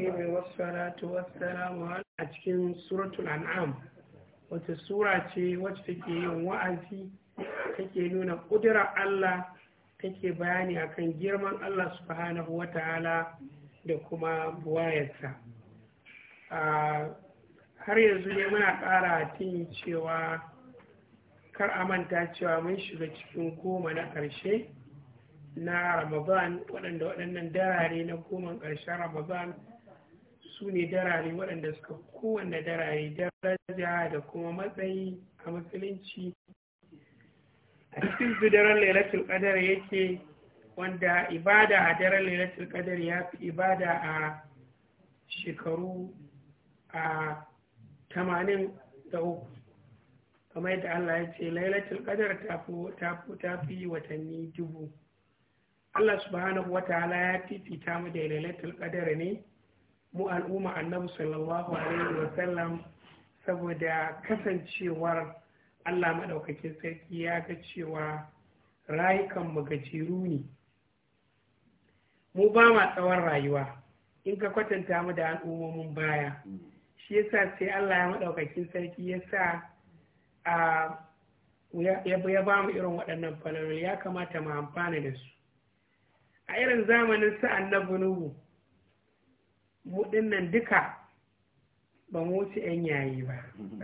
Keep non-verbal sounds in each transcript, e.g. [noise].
الرحيم والصلاة والسلام cikin أتكين an'am الأنعام sura ce وأزي take nuna ƙudurar Allah take bayani akan girman Allah subhanahu wa ta'ala da kuma buwayarsa. Har yanzu ne muna ƙara tini cewa kar a manta cewa mun shiga cikin goma na ƙarshe na Ramadan waɗanda waɗannan darare na goma ƙarshen Ramadan su ne darare waɗanda suka kowanne darare daraja da kuma matsayi a musulunci a cikin su daren lailatul qadar yake wanda ibada a daren lailatul qadar ya fi ibada a shekaru a tamanin da uku kamar da Allah ya ce lailatul qadar ta fi watanni dubu Allah subhanahu wa ta'ala ya fifita mu da lailatul qadar ne mu al'umma annabi sallallahu alaihi wa sallam saboda kasancewar Allah maɗaukakin sarki ya ga cewa rayukanmu gajeru ne mu ba ma tsawon rayuwa in ka kwatanta mu da al'ummomin baya shi yasa sai Allah ya maɗaukakin sarki ya sa a ya ba mu irin waɗannan falalol ya kamata mu amfana da su a irin zamanin sa annabi nuhu mu dinnan duka ba mu wuce 'yan yayi ba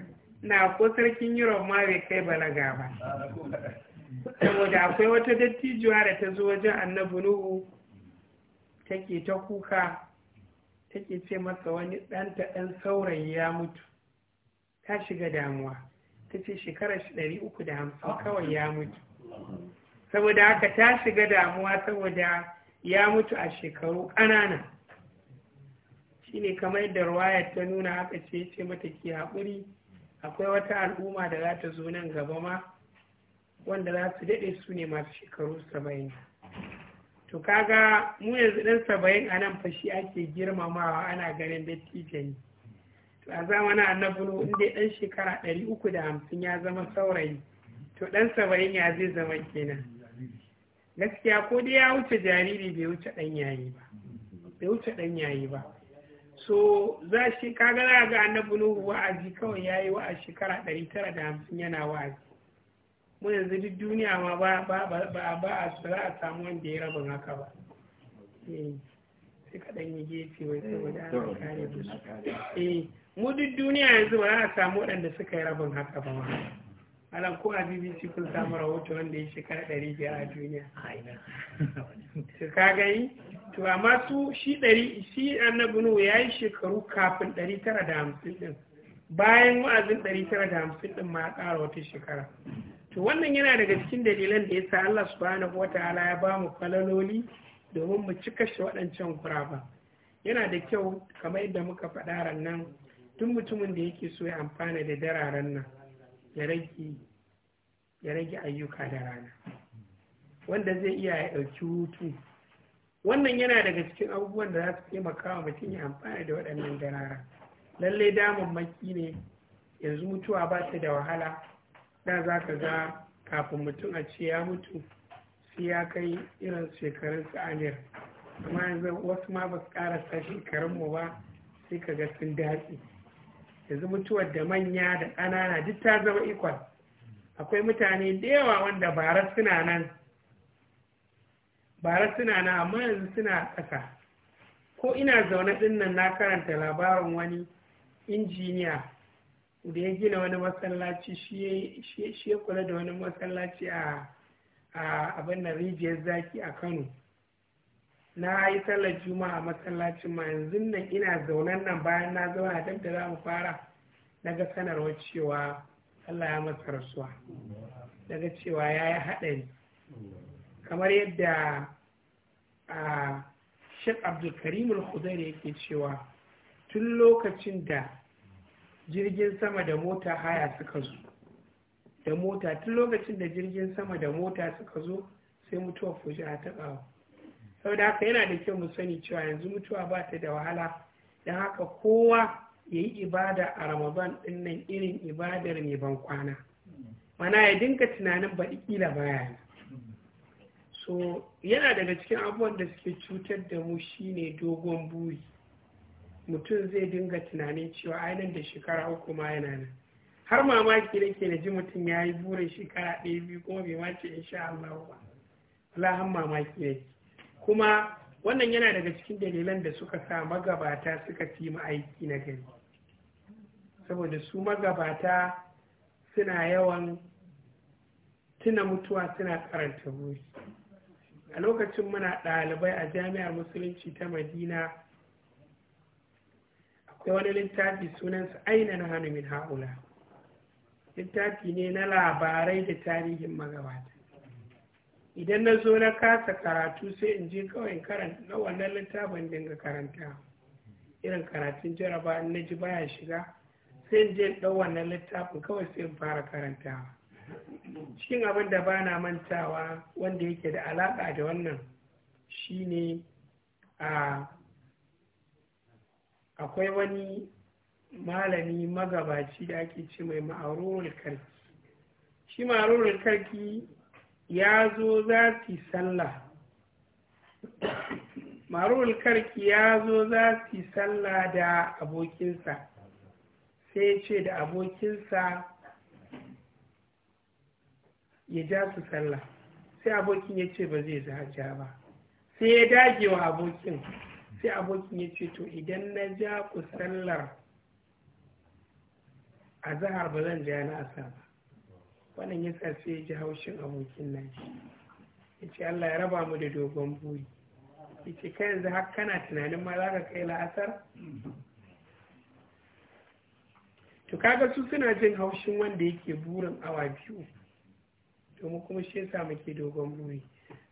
[laughs] na ko sarkin yuron ma bai kai balaga ba saboda akwai wata dattijuwa da ta zo wajen annabi nuhu take ta kuka take ce masa wani ɗanta ɗan saurayi ya mutu ta shiga damuwa ta ce shekarar shi ɗari uku da hamsin kawai ya mutu saboda haka ta shiga damuwa saboda ya mutu a shekaru ƙanana shine kamar yadda ruwayar ta nuna aka ce ce mata ke haƙuri akwai wata al'umma da za ta zo nan gaba ma wanda za su daɗe su ne masu shekaru saba'in to kaga mu yanzu ɗan saba'in a nan fashi ake girmamawa ana ganin dattijani. ne to a zamanin annabi nuhu in dai ɗan shekara ɗari uku da hamsin ya zama saurayi to ɗan saba'in ya zai zama kenan gaskiya ko dai ya wuce jariri bai bai wuce ɗan yayi ba so za shi kaga za ga annabi nuhu wa'azi kawai ya yi wa'azi shekara ɗari tara da hamsin yana wa'azi mu yanzu duk duniya ma ba a za a samu wanda ya rabin haka ba eh, sai kaɗan yi gefe wai saboda ana kare da su eh, mu duk duniya yanzu ba za a samu waɗanda suka yi rabin haka ba ma alam ko a bbc kun samu rahoto wanda ya shekara ɗari biyar a duniya ka gani to amma su shi ɗari shi annabi nuhu ya yi shekaru kafin ɗari tara da hamsin ɗin bayan wa'azin ɗari tara da hamsin ɗin ma ƙara wata shekara to wannan yana daga cikin dalilan da ya sa Allah subhanahu wa ta'ala ya ba mu falaloli domin mu cika shi waɗancan kuraba yana da kyau kamar yadda muka faɗa rannan tun mutumin da yake so ya amfana da dararen nan ya rage ayyuka da rana wanda zai iya ya ɗauki hutu wannan yana daga cikin abubuwan da za su taimaka wa mutum ya amfani da waɗannan darara lallai maki ne yanzu mutuwa ba ta da wahala da za ka ga kafin mutum a ce ya mutu sai ya kai irin shekarun sa'adar? amma yanzu wasu ma ba su karasa shekarun mu ba sai ka ga sun daɗi yanzu mutuwar da manya da ƙanana duk ta zama ikon akwai mutane da yawa wanda bara suna nan bara suna na amma yanzu suna ƙasa ko ina zaune ɗin nan na karanta labarin wani injiniya da ya gina wani masallaci shi ya kula da wani masallaci a abin da rijiyar zaki a kano na yi sallar juma'a masallacin ma yanzu nan ina zaunen nan bayan na zauna duk da za mu fara Na ga sanarwar cewa allah ya masa rasuwa daga cewa ya yi haɗari kamar yadda a shek abdulkarim al khudari yake cewa tun lokacin da jirgin sama da mota haya suka zo da mota tun lokacin da jirgin sama da mota suka zo sai mutuwa fujiya ta ƙawo saboda haka yana da kyau mu sani cewa yanzu mutuwa ba ta da wahala don haka kowa ya yi ibada a ramadan ɗin nan irin ibadar ne ban kwana mana ya dinka tunanin baɗi ƙila baya so yana daga cikin abubuwan da suke cutar da mu shine dogon buri mutum zai dinga tunanin cewa ainihin da shekara uku ma yana nan har mamaki nake na ji mutum ya yi burin shekara ɗaya biyu kuma bai ma ce insha Allah ba lahan mamaki ne kuma wannan yana daga cikin dalilan da suka sa magabata suka fi mu aiki na gari saboda su magabata suna yawan tuna mutuwa suna karanta buri a lokacin muna ɗalibai a jami'ar musulunci ta madina akwai wani littafi sunansa aina na hannu min haula littafi ne na labarai da tarihin magabata idan na zo na kasa karatu sai in je kawai in karanta na wannan littafin dinga karanta irin karatun jaraba na ji baya shiga sai in je ɗau wannan littafin kawai sai in fara karantawa cikin abin da ba mantawa wanda yake da alaƙa da wannan shine a akwai wani malami magabaci da ake ce mai ma'arorin karki shi ma'arorin karki ya zo za su sallah ma'arorin karki ya zo za su sallah da abokinsa sai ce da abokinsa ya ja su sallah sai abokin ya ce ba zai ja ba sai ya dage wa abokin sai abokin ya ce to idan na ja ku sallar a zahar ba zan ja na asa ba wannan ya sa sai ya ji haushin abokin nan ya ce Allah ya raba mu da dogon buri ya ce kai yanzu har kana tunanin ma za ka kai la'asar to kaga su suna jin haushin wanda yake burin awa biyu domin kuma shi yasa muke dogon buri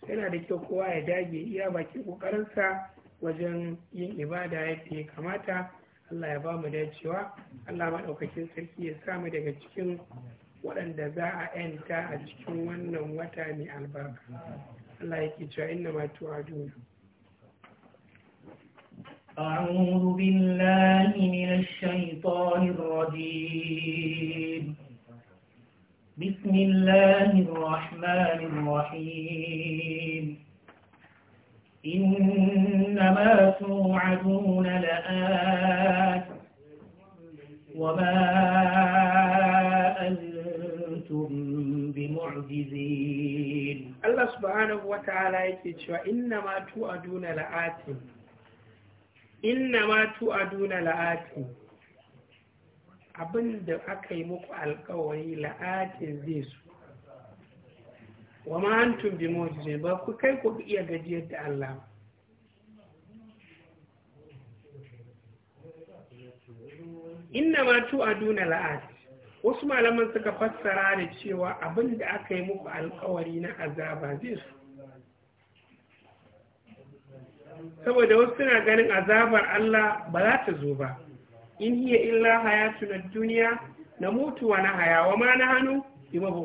yana da kyau kowa ya dage iya bakin kokarinsa wajen yin ibada yadda ya kamata Allah ya ba mu dacewa Allah maɗaukakin sarki ya samu daga cikin waɗanda za a yanta a cikin wannan wata mai albarka Allah ya ke cewa inna matu a duniya أعوذ بالله من الشيطان الرجيم بسم الله الرحمن الرحيم إنما توعدون لآت وما أنتم بمعجزين الله سبحانه وتعالى يكتشف إنما توعدون لآت إنما توعدون لآت abin da aka yi muku alkawari la'atin zai su wa ma bi ba ku kai ku iya gajiyar da Allah inna ma tu duna la'at wasu malaman suka fassara da cewa abin da aka yi muku alkawari na azaba zai su saboda wasu suna ganin azabar Allah ba za ta zo ba in hiya illa hayatuna duniya na mutuwa na haya wa ma na hannu ima ba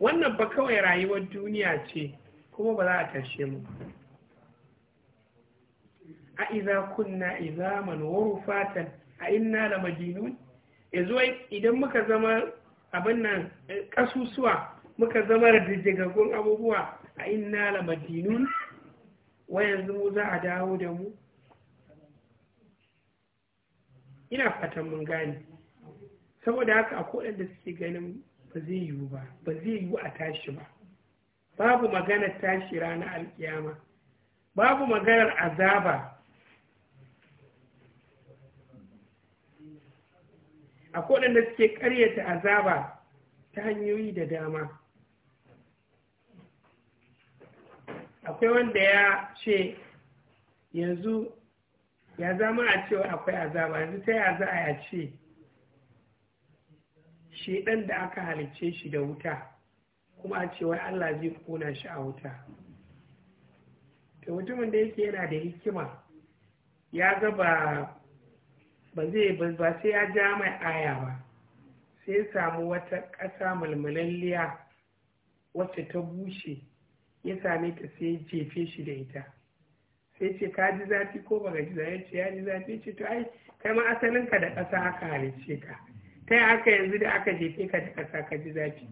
wannan ba kawai rayuwar duniya ce kuma ba za a tashe mu a iza kunna waru fatan, a inna la majinun yanzu idan muka zama abin nan kasusuwa eh, muka zama riddigaggun abubuwa a inna la majinun wa mu za a dawo da mu ina fatan mun gane saboda haka a kodan da suke ganin ba zai yiwu ba ba zai yiwu a tashi ba babu maganar tashi ranar alkiyama babu maganar azaba a kodan da suke karyata azaba ta hanyoyi da dama akwai wanda ya ce yanzu ya zama a cewa akwai azaba yanzu ta ya za a ce shi ɗan da aka halicce shi da wuta kuma a cewa Allah zai kona shi a wuta Da mutumin da yake yana da hikima ya ga ba ba zai ba sai ya ja mai aya ba sai ya samu wata ƙasa mulmulalliya wacce ta bushe ya same ta sai jefe shi da ita sai ce ka ji zafi ko ba ga ji zafi ce ya ji zafi ce to ai kai ma asalin ka da ƙasa aka halicce ka ta yi haka yanzu da aka jefe ka da ƙasa ka ji zafi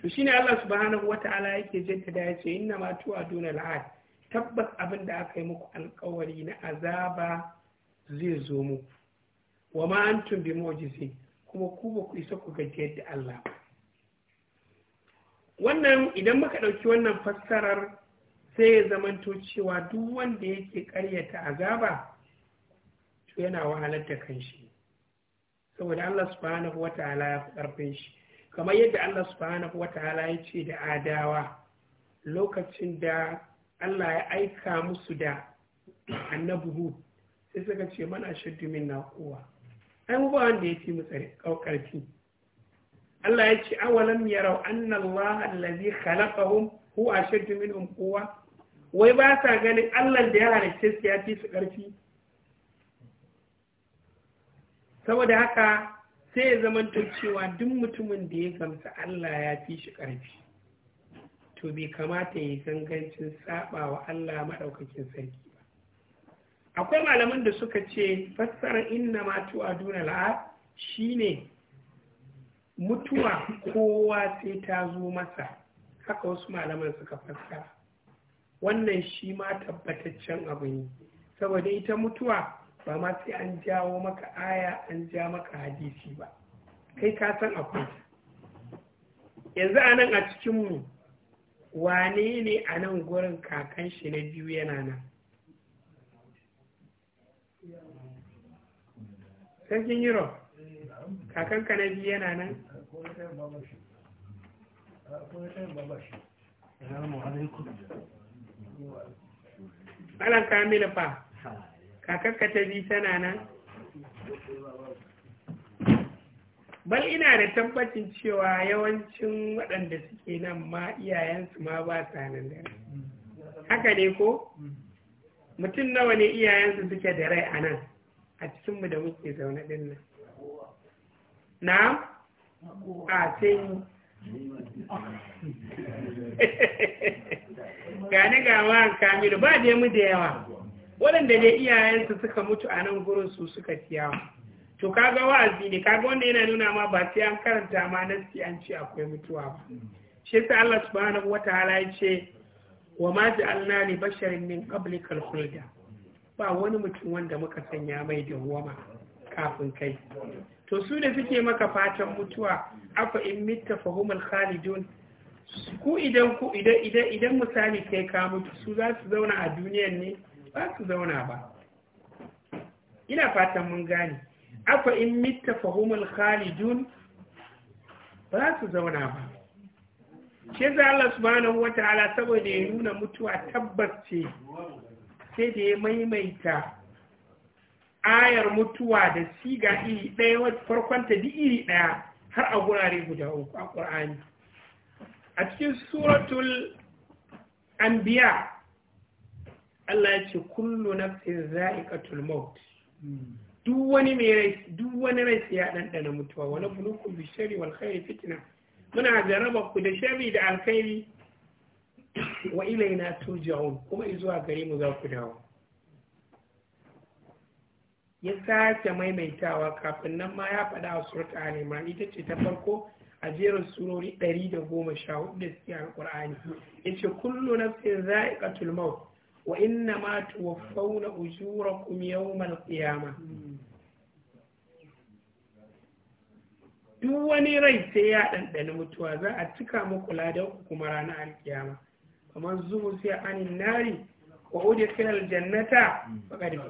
to shine Allah subhanahu ta'ala yake jaddada ya ce inna ma tuwa duna la'ad tabbas abin da aka yi muku alƙawari na azaba zai zo mu wa ma antum bi mu'jizin kuma ku ba ku isa ku gajiyar da Allah wannan idan muka ɗauki wannan fassarar sai ya zamanto cewa duk wanda yake karyata azaba to yana wahalar da kanshi saboda Allah subhanahu wata'ala ya fi shi kamar yadda Allah subhanahu wata'ala ya ce da adawa lokacin da Allah ya aika musu da annabi Hud sai suka ce mana shaddu min na kowa ai mu ba wanda ya fi mu tsare kaukarfi Allah ya ce awalam yarau anna Allah allazi khalaqahum huwa ashaddu minhum quwwa wai ba sa ganin allah da ya halicce su ya fi su ƙarfi saboda haka sai ya zama cewa duk mutumin da ya gamsa allah ya fi shi ƙarfi to bai kamata ya gangancin saba wa allah maɗaukakin sarki ba akwai malaman da suka ce fassarar inna ma tu'aduna la'a shine mutuwa kowa sai ta zo masa haka wasu malaman suka fassara wannan shi ma tabbataccen abu ne saboda ita mutuwa ba ma sai an jawo maka aya an ja maka hadisi ba kai ka san akwai yanzu a nan a cikinmu wane ne a nan gurin kakan shi na biyu yana nan sarkin yiro kakan ka na biyu yana nan Malam Kamilu fa, kakakka ta bi tana nan? Bal ina da tabbacin cewa yawancin waɗanda suke nan ma iyayensu ma ba sa nan da Haka ne ko? Mutum nawa ne iyayensu suke da rai a nan, a cikinmu da muke zaune din nan. Na? A sai [laughs] [laughs] gane gawa kamilu ba da mu da yawa waɗanda dai iyayensu suka mutu a nan gurin su suka ciyawa to kaga wa'azi ne kaga wanda yana nuna ma ba sai an karanta ma sai an ce akwai mutuwa ba shi yasa Allah subhanahu wataala ya ce wa ma ja'alna li basharin min qablikal khulda ba wani mutum wanda muka sanya mai da huwama kafin kai to su da suke maka fatan mutuwa afa in mitta fahumul khalidun ku idan ku idan idan misali kai ka mutu su za su zauna a duniyar ne ba su zauna ba ina fatan mun gane afa in mitta fahumul khalidun ba su zauna ba shi za Allah subhanahu wataala saboda ya nuna mutuwa tabbas ce sai da ya maimaita ayar mutuwa da siga iri ɗaya wata farkonta duk iri ɗaya har a gurare guda uku a ƙur'ani a cikin suratul anbiya Allah ya ce kullu nafsin za'iqatul maut duk wani mai rai duk wani rai sai ya dandana mutuwa wala bulukum bi sharri wal khairi fitna muna jaraba ku da sharri da alkhairi wa ilaina turja'un kuma zuwa gare mu za ku dawo ya sake maimaitawa kafin nan ma ya faɗa a surat ita ce ta farko a jerin surori 114 da suke alkur'ani ya ce kullu za'i za'iqatul maut wa inna ma ujura ujurakum yawmal qiyamah duk wani rai sai ya ɗanɗani mutuwa za a cika muku ladan ku kuma ranar alkiyama kamar zuhu sai anin nari wa ude filal jannata faƙari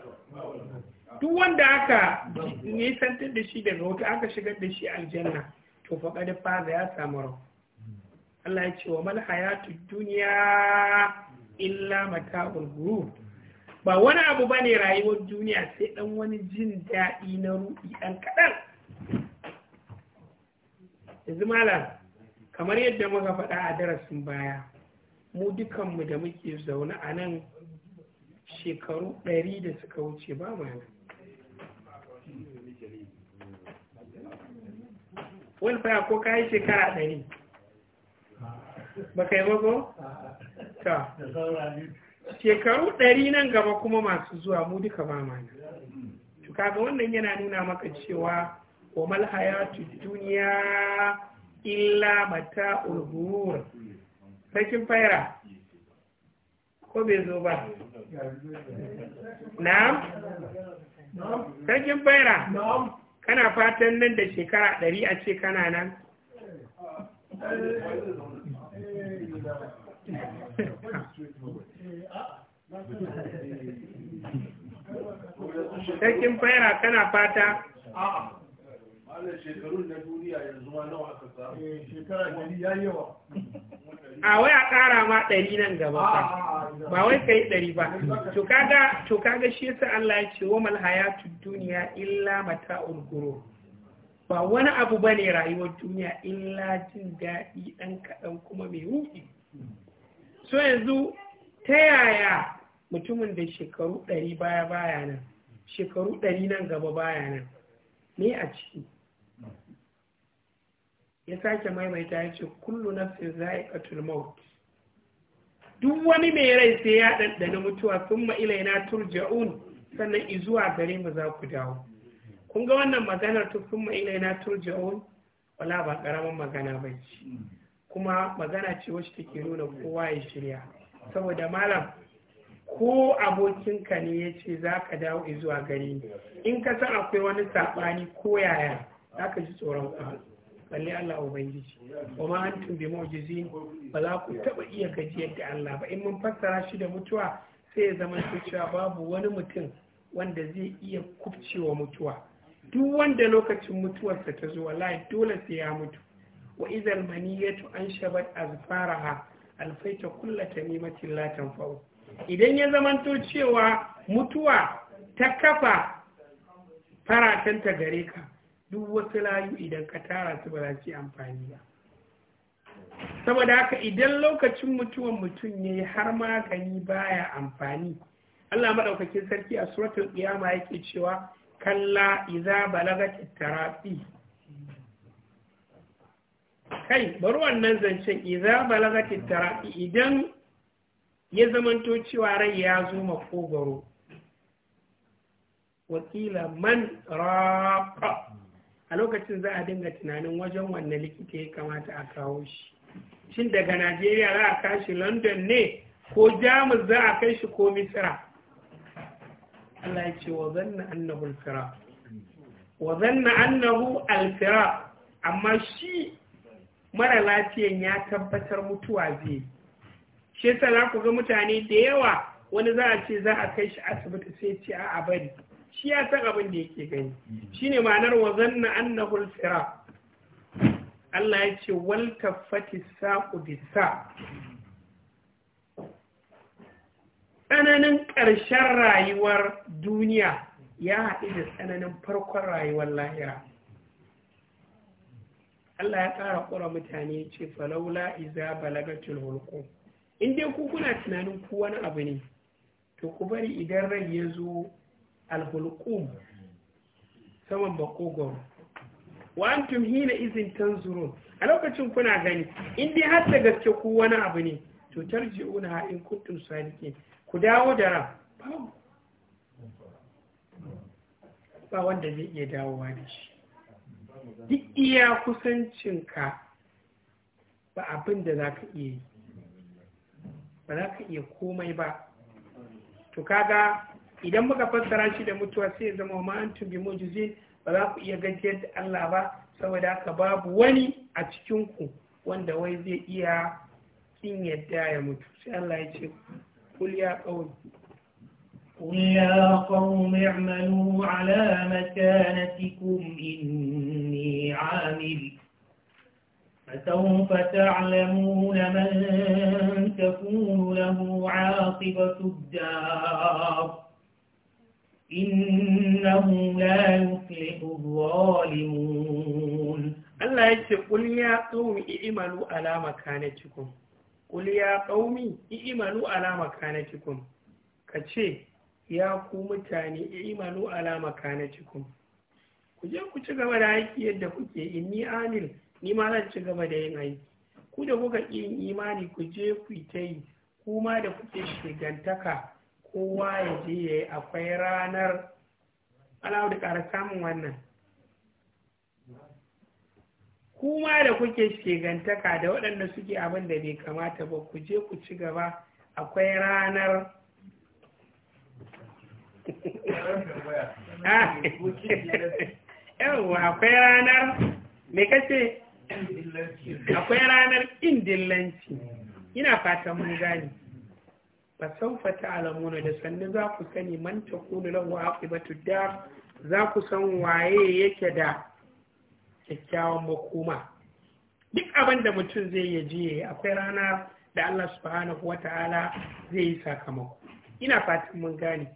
duk wanda aka nisantar da shi daga wuta aka shigar da shi aljanna to faƙad faza ya samu rau Allah ya ce wa mal hayatu duniya illa mata'ul ghurur ba wani abu bane rayuwar duniya sai dan wani jin daɗi na ruɗi ɗan kaɗan yanzu malam kamar yadda muka faɗa a darasin baya mu dukanmu da muke zaune a nan shekaru ɗari da suka wuce ba mu nan Wani fara ko ka shekara ɗari ba kai bago? ta shekaru ɗari nan gaba kuma masu zuwa mu duka ba mana kaga wannan yana nuna maka cewa wa malhayatu duniya illa mata ulgur rashin faira ko bai zo ba na rashin faira kana fatan nan da shekara ɗari a ce kana nan sarkin fayara kana fata shekarun eh, a wai a ƙara ma ɗari nan gaba ba wai ka yi ɗari ba to kaga to kaga shi yasa Allah ya ce "Wa wamal hayatu duniya illa mata'ul ghurur ba wani abu bane rayuwar duniya illa jin daɗi ɗan kaɗan kuma mai hufi so yanzu ta yaya mutumin da shekaru ɗari baya baya nan shekaru ɗari nan gaba baya nan me a ciki ya sake maimaita ya ce kullu nafsin za'iqatul maut duk wani mai rai sai ya ɗanɗana mutuwa sun ilaina turja'un sannan izuwa gare mu za ku dawo kun ga wannan maganar ta sun ilaina turja'un wala ba ƙaramin magana ba ce kuma magana ce wacce take nuna kowa ya shirya saboda malam ko abokinka ne ya ce za ka dawo izuwa gare ni in ka san akwai wani saɓani ko yaya za ka ji tsoron ka balle Allah ubangiji wa ma antum bi mu'jizi ba za ku taba iya gajiyar da Allah ba in mun fassara shi da mutuwa sai ya zama cewa babu wani mutum wanda zai iya kufcewa mutuwa duk wanda lokacin mutuwarsa ta zo wallahi dole sai ya mutu wa idhal maniyatu anshabat azfaraha alfaita kulla tamimatin la tanfa'u idan ya zamanto cewa mutuwa ta kafa faratanta gare ka duk wasu layu idan ka tara su ba za su yi amfani ba saboda haka idan lokacin mutuwan mutum ya yi har magani baya amfani Allah maɗaukakin sarki a suratul qiyama yake cewa kalla iza balagati tarafi kai bari wannan zancen iza balagati tarafi idan ya zamanto cewa rai ya zo makogoro wakila man raqa a lokacin za a dinga tunanin wajen wanne likita ya kamata a kawo shi shin daga najeriya za a kashi london ne ko jamus za a kai shi ko misira allah ya ce wa zanna annahu alfira amma shi mara lafiyan ya tabbatar mutuwa zai shi yasa za ku ga mutane da yawa wani za a ce za a kai shi asibiti sai ce a bari shi ya san abin da yake gani mm. shine ma'anar wa zanna annahu al-sira Allah ya ce wal taffati saqu bisa tsananin ƙarshen rayuwar duniya ya haɗu da tsananin farkon rayuwar lahira Allah ya ƙara ƙura mutane ya ce falaula iza balagatul hulku. in dai ku kuna tunanin ku wani abu ne to ku bari idan rai ya zo alhulqum saman makogoro wa antum hina izin tanzurun a lokacin kuna gani in dai har da gaske ku wani abu ne to tarji'una in kuntum salihin ku dawo da ran ba wanda zai iya dawowa da shi duk iya kusancinka ba abin da za ka iya yi ba za ka iya komai ba to kaga idan muka fassara shi da mutuwa sai ya zama ma antum bi mujizin ba za ku iya gajiyar da Allah ba saboda haka babu wani a cikin ku wanda wai zai iya kin yadda ya mutu sai Allah ya ce kul ya qawmi قل يا قوم اعملوا على مكانتكم إني عامل فسوف تعلمون من تكون له عاقبة الدار إنه لا يفلح الظالمون الله يقول قل يا i'imalu اعملوا على مكانتكم قل يا قوم اعملوا على مكانتكم كتشي ya ku mutane imanu ala makanatikum ku je ku ci gaba da aiki yadda kuke inni amil ni ma zan ci gaba da yin aiki ku da kuka yin imani ku je ku ta yi kuma da kuke shigantaka kowa ya je ya yi akwai ranar alawu da ƙara samun wannan kuma da kuke shigantaka da waɗanda suke abin da bai kamata ba ku je ku ci gaba akwai ranar [laughs] ah. yawwa akwai ranar me kace akwai ranar indin ina fatan mun gani fa sawfa ta'lamuna da sannu za ku sani man takunu lahu aqibatu da za ku san waye yake da kyakkyawan makoma duk abin da mutum zai yi jiye akwai rana da Allah subhanahu wata'ala zai yi sakamako ina fatan mun gane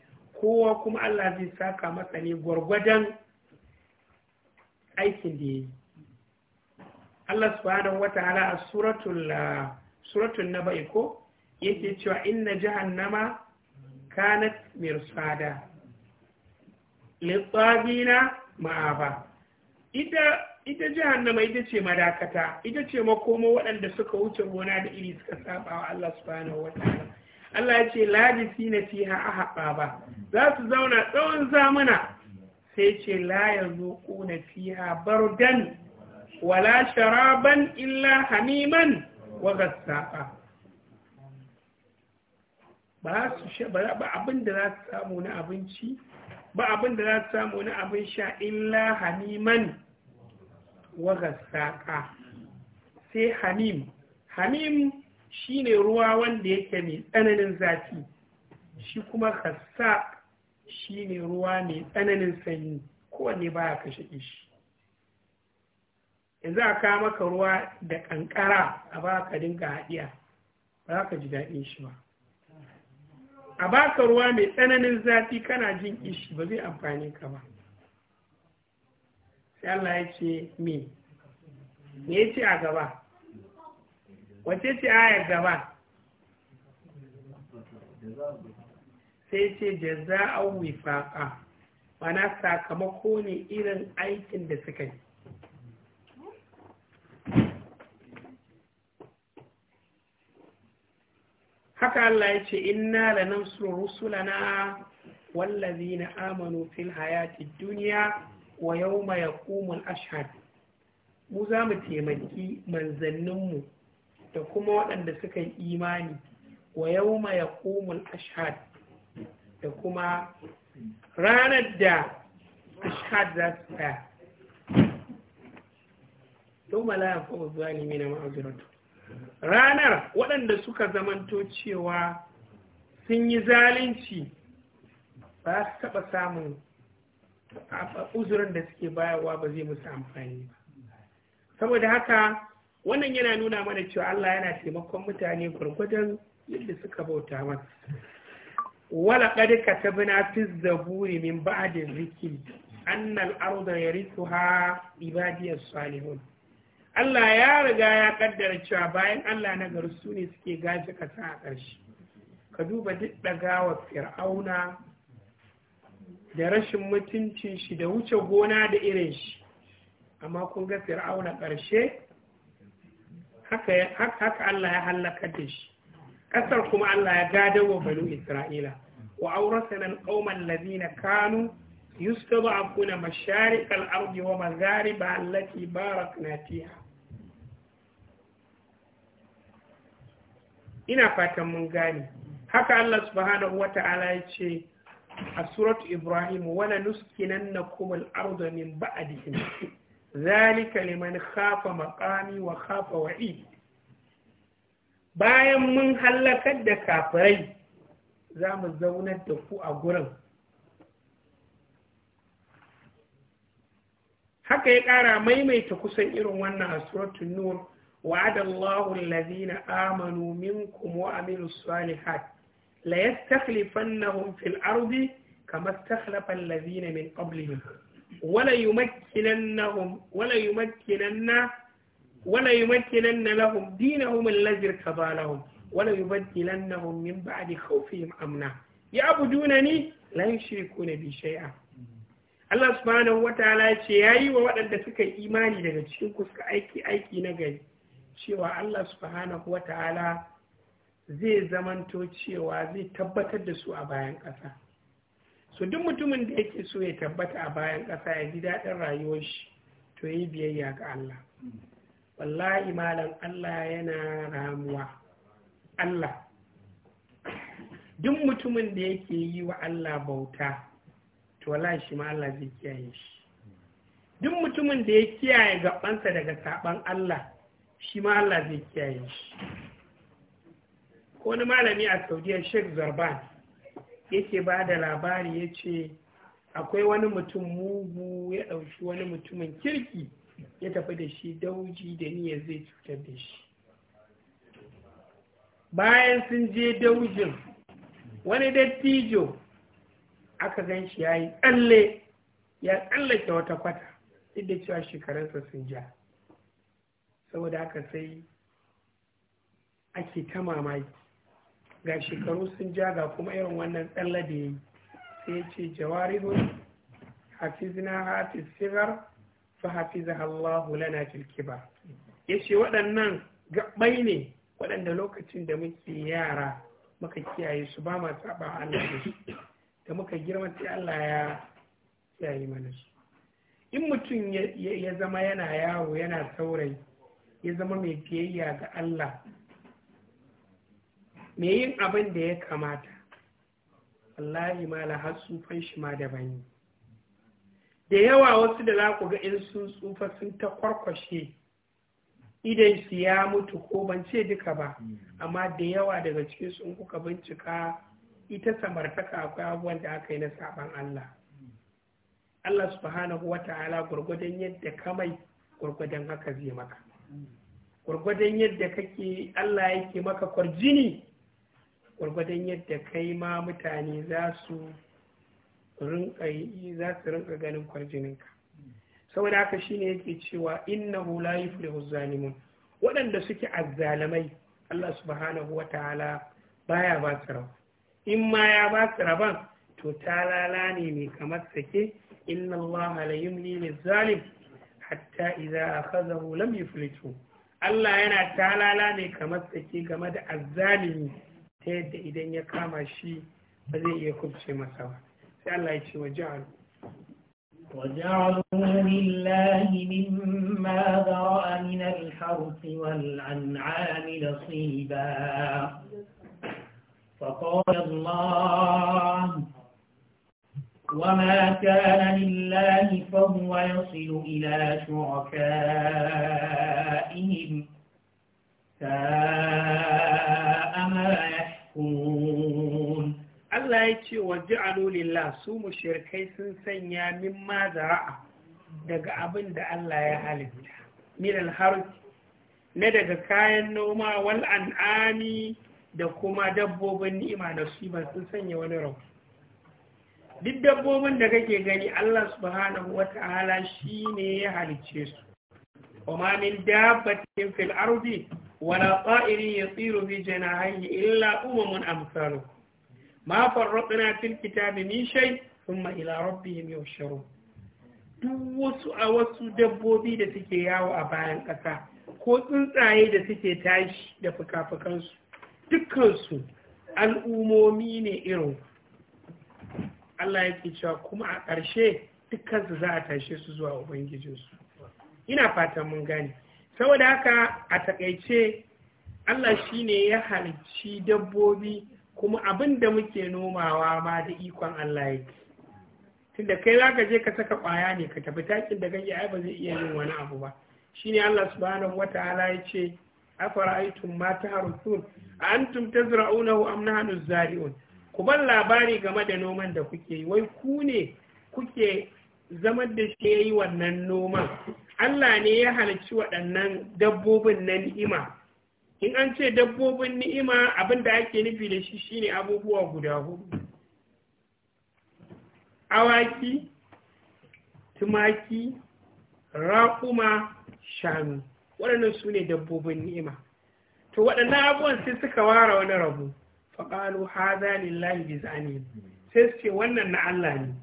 kowa kuma Allah zai saka masa ne gwargwadon aikin da ya yi Allah subhanahu wata'ala a suratun na naba'i ko yake cewa inna jahannama kanat mirsada litsagina ma'aba ita ita jahannama ita ce madakata ita ce makoma waɗanda suka wuce gona da iri suka saba wa Allah subhanahu wa ta'ala Allah ya ce labisi na fiha ahaba ba za su zauna tsawon zamana sai ce la yanzu na fiha bardan wala sharaban illa hamiman wa gassaqa ba su ba abin da za su samu na abinci ba abin da za su samu na abin sha illa haniman wa gasaka sai hamim hamim shine ruwa wanda yake mai tsananin zafi shi kuma shi shine ruwa mai tsananin sanyi kowanne ya kashe kishi yanzu a ka maka ruwa da kankara a ba ka dinga haɗiya ba za ka ji daɗin shi ba a baka ruwa mai tsananin zafi kana jin ishi ba zai amfani ka ba sai Allah ya ce me me ya ce a gaba wace ce ayar gaba sai ce jaza'an wifaqa mana sakamako ne irin aikin da suka yi haka Allah ya ce inna lanansuru rusulana wallazina amanu fil hayati dunya wa yawma yaqumul ashhad mu za mu taimaki manzanninmu da kuma waɗanda suka yi imani wa yawma yaqumul ashhad da kuma ranar da ashhad za su tsaya yawma la ni na ma'azratuhum ranar waɗanda suka zamanto cewa sun yi zalunci ba su taɓa samun uzurin da suke bayarwa ba zai musu amfani ba saboda haka wannan yana nuna mana cewa Allah yana taimakon mutane gwargwadon yadda suka bauta masa wala ta katabna fi zaburi min ba'adin dhikri annal arda yarithuha ibadiy salihun Allah ya riga ya kaddara cewa bayan Allah na gari su ne suke gaji kasa a ƙarshe ka duba duk wa fir'auna da rashin mutuncin shi da wuce gona da irin shi amma kun ga fir'auna ƙarshe haka Allah ya hallaka da shi ƙasar kuma Allah ya gada wa banu Isra'ila wa aurasana ƙauman lazina kanu yustada'afuna masharik al-ardi wa magharibaha allati barakna fiha ina fatan mun gane haka Allah subhanahu ta'ala ya ce a suratu Ibrahim wala nuskinannakum al-ardha min ba'dihim zalika liman khafa maqami wa khafa wa'id bayan mun hallakar da kafirai za mu zaunar da ku a gurin haka ya ƙara maimaita kusan irin wannan a suratu nur وعد الله الذين آمنوا منكم وعملوا الصالحات ليستخلفنهم في الأرض كما استخلف الذين من قبلهم وليمكننهم وليمكنن وليمكنن لهم دينهم الذي ارتضى لهم وليبدلنهم من بعد خوفهم أمنا يعبدونني لا يشركون بي شيئا Allah subhanahu wa ta'ala ce yayi wa waɗanda suka imani daga cikin ku suka aiki aiki na gari cewa Allah subhanahu wa ta'ala zai zamanto cewa zai tabbatar da su a bayan ƙasa so duk mutumin da yake so ya tabbata a bayan ƙasa ya ji daɗin rayuwar shi to yi biyayya ga Allah wallahi malam Allah yana ramuwa Allah duk mutumin da yake yi wa Allah bauta to wallahi shi ma Allah zai kiyaye shi duk mutumin da ya kiyaye gabansa daga saɓan Allah shi ma Allah zai kiyaye shi wani malami a saudiya sheikh zarban yake ba da labari ya ce akwai wani mutum mugu ya ɗauki wani mutumin kirki ya tafi da shi dauji da niyyar zai cutar da shi bayan sun je daujin wani dattijo aka gan shi ya tsalle ya tsallake wata kwata duk da cewa shekarunsa sun ja saboda aka sai ake ta mamaki ga shekaru sun ja ga kuma irin wannan tsalla da ya yi sai ce jawarihun hafizna hafiz sigar fa hafiza Allahu lana ba. Ya ce waɗannan gaɓai ne waɗanda lokacin da muke yara muka kiyaye su ba ma saba Allah da su da muka girma sai Allah ya kiyaye mana su in mutum ya zama yana yawo yana saurayi ya zama mai biyayya ga Allah mai yin abin da ya kamata wallahi mala har tsufan shi ma daban yi. da yawa wasu da za ku ga in sun tsufa sun ta kwarkwashe idan su ya mutu ko ban ce duka ba amma da yawa daga cikin sun kuka bincika ita samartaka akwai abubuwan da aka yi na saban Allah Allah subhanahu wa ta'ala gurgudan yadda kamai gwargwadon haka zai maka gwargwadon yadda kake Allah yake maka kwarjini gwargwadon yadda kai ma mutane za su rinka za su rinka ganin kwarjininka saboda haka shine yake cewa innahu la yuflihu zalimun waɗanda suke azzalamai Allah subhanahu wataala baya ba su raba in ma ya ba su raban to talala ne mai kamar sake inna Allah la yumli lizalim hatta idza akhadahu lam yuflitu Allah yana talala ne kamar sake game da azzalimi ta yadda idan ya kama shi ba zai iya kubce masa ba sai Allah ya ce wa ja'alu وجعلوا لله مما ذرأ من الحرث والأنعام نصيبا فقال الله وما كان لله فهو يصل إلى شركائهم ساء ما يحكمون الله su وجعلوا لله سوم الشركي min مما زرع daga abin da Allah ya halitta min alharj na daga kayan noma wal an'ami da kuma dabbobin ni'ima da su sun sanya wani rauni duk dabbobin da kake gani Allah subhanahu wata'ala shi ne ya halicce su وما من دابة في الأرض ولا طائر يطير بجناحيه illa أمم أمثالكم Ma فرطنا في الكتاب min شيء ثم إلى ربهم يحشرون duk wasu a wasu dabbobi da suke yawo a bayan ƙasa ko tsuntsaye da suke tashi da fuka-fukansu dukkansu al'umomi ne irin Allah ya cewa kuma a ƙarshe dukkansu za a tashe su zuwa ubangijinsu ina fatan mun gani saboda haka a takaice Allah shi ne ya halicci dabbobi kuma abin da muke nomawa ma da ikon Allah ya Tun tunda kai za je ka saka ƙwaya ne ka tafi takin da kake ai ba zai iya yin wani abu ba Shi ne Allah subhanahu ta'ala ya ce afara'aytum ma taharutun a antum tazra'unahu am nahnu zari'un ku ban labari game da noman da kuke yi wai ku ne kuke zama da shi ya yi wannan noman Allah ne ya halarci waɗannan dabbobin na ni'ima in an ce dabbobin ni'ima abin da ake nufi da shi shine abubuwa guda hudu awaki tumaki raƙuma shanu waɗannan su ne dabbobin ni'ima to waɗannan abubuwan sai suka ware wani rabu faƙalu haza lillahi bi sai su ce wannan na Allah ne